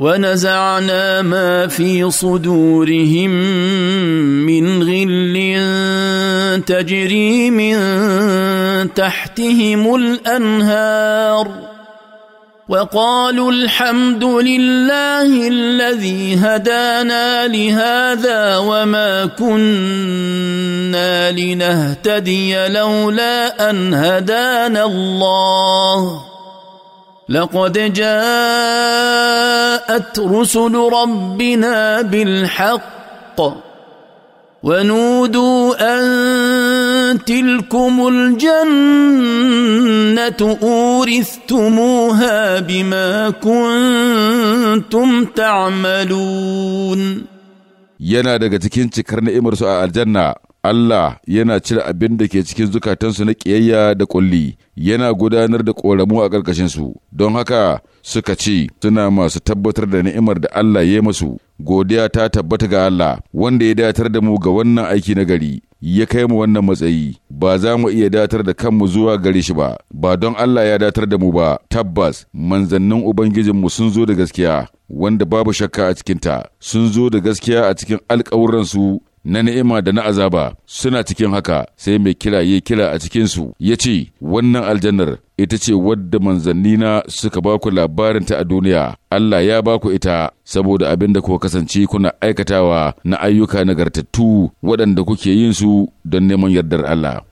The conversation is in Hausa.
ونزعنا ما في صدورهم من غل تجري من تحتهم الانهار وقالوا الحمد لله الذي هدانا لهذا وما كنا لنهتدي لولا ان هدانا الله لقد جاءت رسل ربنا بالحق ونودوا ان تلكم الجنه اورثتموها بما كنتم تعملون yana daga cikin cikar الجنة Allah yana cire abin da ke cikin zukatansu na ƙiyayya da ƙulli, yana gudanar da ƙoramu a ƙarƙashinsu, don haka suka ce suna masu tabbatar da ni'imar da Allah ya masu, godiya ta tabbata ga Allah, wanda ya datar da mu ga wannan aiki na gari, ya kai mu wannan matsayi, ba za mu iya datar da kanmu zuwa gare shi ba, ba don Allah ya datar da mu ba, tabbas manzannin Ubangijinmu sun zo da gaskiya, wanda babu shakka a cikinta, sun zo da gaskiya a cikin alƙawuransu na ni'ima da na azaba suna cikin haka sai mai kira ya kira a cikinsu ya ce wannan aljannar ita ce wadda manzannina suka ba ku labarinta a duniya Allah ya ba ku ita saboda abin da kuka kasance kuna aikatawa na ayyuka nagartattu waɗanda kuke yin su don neman yardar Allah.